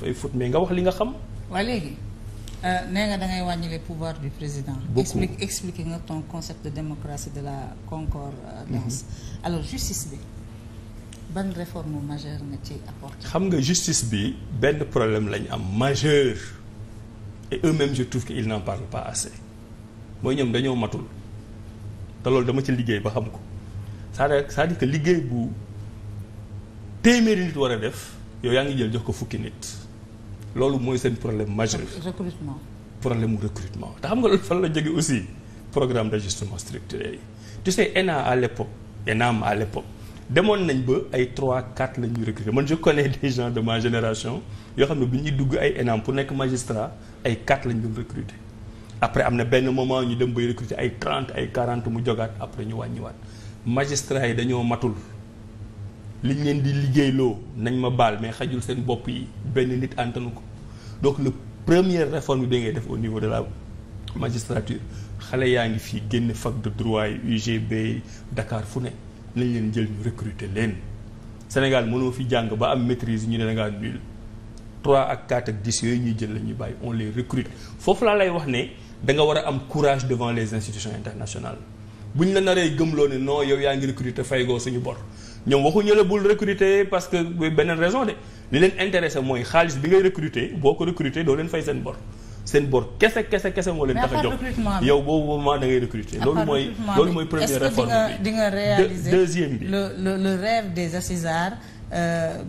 fay fut mais nga wax li nga xam. waa léegi euh, nee nga da ngay wàññi du président. explique explique nga ton concept de démocratie de la concordance. Euh, mhm. alors justice bi ban réforme majeure nga ci apporté. xam nga justice bi benn problème lañ am majeur et eux-mêmes je trouve qu'ils n'en parlent pas assez mooy ñoom dañoo matul te loolu dama ci liggéey ba xam ko c'est-à-dire que liggéey bu téeméeri nit war a def. yow yaa ngi jël jox ko fukki nit loolu mooy seen problème majeur recrutement problème mu recrutement te xam nga loolu fan la jóge aussi programme d'ajustement structurel yi tu sais ENA à l'époque ENAM à l'époque demoon nañ ba ay 3 4 la ñuy recruter man je connais des gens de ma génération yoo xam ne bu ñuy dugg ay ENAM pour nekk magistrat ay 4 la ñu recruter après am na benn moment ñu dem bay recruter ay 30 ay 40 mu jogaat après ñu waat magistrat yi dañoo matul liñ leen di liggéeyloo nañ ma baal mais xajul seen bopp yi benn nit antanu ko donc le première réforme bi ngay def au niveau de la magistrature xale yaa ngi fii génn fac de droit yi UGB Dakar fu ne nañ leen jël ñu recruter leen Sénégal mënoo fi jàng ba am maîtrise ñu ne da ngaa ak 4 ak 10 yooyu ñuy jël la ñuy bàyyi on les recrute foofu laa lay wax ne da nga war a am courage devant les institutions internationales bu ñu la naree gëmloo ne non yow yaa ngi recruter faygoo suñu bor ñoom waxuñu la bul recruter parce que beneen raison de li leen intéressé mooy xaalis bi ngay recruter boo ko recruter doo leen fay seen bor seen bor kese kese kese moo leen tax a jóg yow boobu moment da ngay recruter loolu mooy loolu mooy première réforme di nga réaliser deuxième bi le le le rêve des assisards Euh,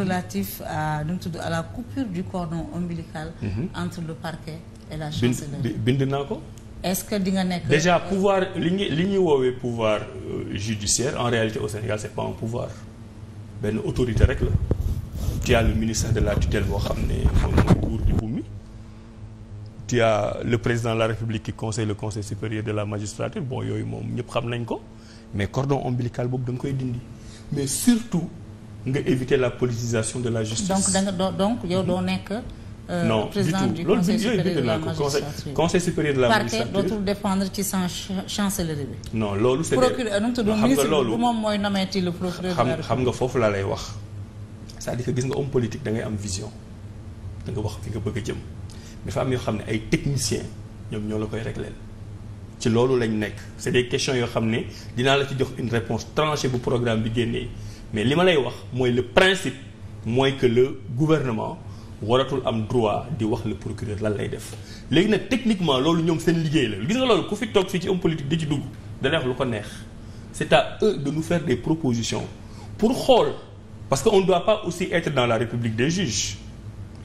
relatif à nu mu tudd à la coupure du cordon ombilical. Mm -hmm. entre le parquet et la chancellerie. bind naa ko. est-ce que di nga nekk. déjà pouvoir li ñuy li ñuy woowee pouvoir euh, judiciaire en réalité au Sénégal c'est pas un pouvoir benn autorité rek la. tu as ministre de la tutelle boo xam ne moom mooy buur di buum mi. tu as le président de la République qui conseille le conseil supérieur de la magistrature bon yooyu moom ñëpp xam nañ ko mais cordon ombilical boobu da nga koy dindi mais surtout nga éviter la politisation de la justice. donc da nga donc yow doo nekk. Euh, non du loolu bi yooyu bind de la magistrature parquet dootul dépendre ci sans chancellerie bi. non loolu c'est procureur nu mu tudd ministre bu moom mooy nommé le procureur xam xam nga foofu laa lay wax c'est-à-dire gis nga homme politique da ngay am vision da nga wax fi nga bëgg a jëm dafa am yoo xam ne ay techniciens ñoom ñoo la koy réglé ci loolu lañ nekk c'est des questions yoo xam ne dinaa la ci jox une réponse tranchée bu programme bi génnee mais li ma lay wax mooy le principe mooy que le gouvernement. waratul am droit di wax le procureur lan lay def léegi nag techniquement loolu ñoom seen liggéey la gis nga loolu ku fi toog fii ci homme politique di ci dugg dana wax lu ko neex c'est à eux de nous faire des propositions pour xool parce que on ne doit pas aussi être dans la république des juges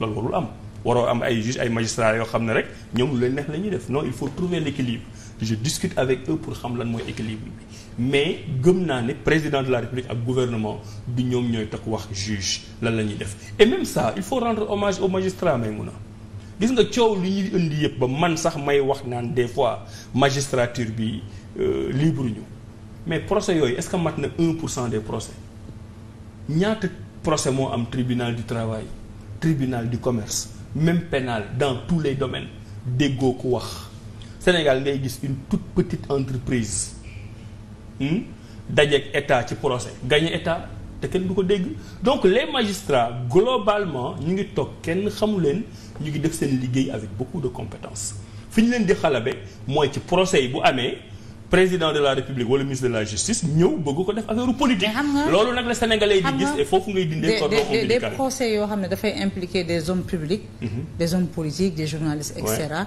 loolu warul am waroo am ay juges ay magistrats yoo xam ne rek ñoom lu leen neex la ñuy def non il faut trouver l'équilibre je discute avec eux pour xam lan mooy équilibre bi mais gëm naa ne président de la république ak gouvernement du ñoom ñooy takk wax juge lan la ñuy def et même ça il faut rendre hommage aux magistrats gis nga coow li ñuy indi yëpp ba man sax may wax naan des fois magistrature bi euh, libre ñu mais procès yooyu est-ce que mat na 1 pour cent des procès ñaata procès moo am tribunal du travail tribunal du commerce même pénal dans tous les domaines déggoo ko wax Sénégal ngay gis une toute petite entreprise hmm, dajeeg état ci procès gagné état te kenn du ko dégg donc les magistrats globalement ñu ngi toog kenn xamu leen ñu ngi def seen liggéey avec beaucoup de compétence fi ñu leen di xalabe mooy ci procès yi bu amee président de la république wala ministre de la justice ñëw bëgg ko def affaire politique. loolu nag la sénégalais di gis et foofu ngay dindee. corps des des procès yoo xam ne dafay impliquer des hommes publics. Mhm. des hommes politiques des journalistes et cetera.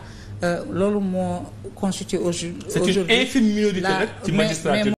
Euh, loolu moo constitué aujourd'hui. c'est une infime minorité nag ci magistrature.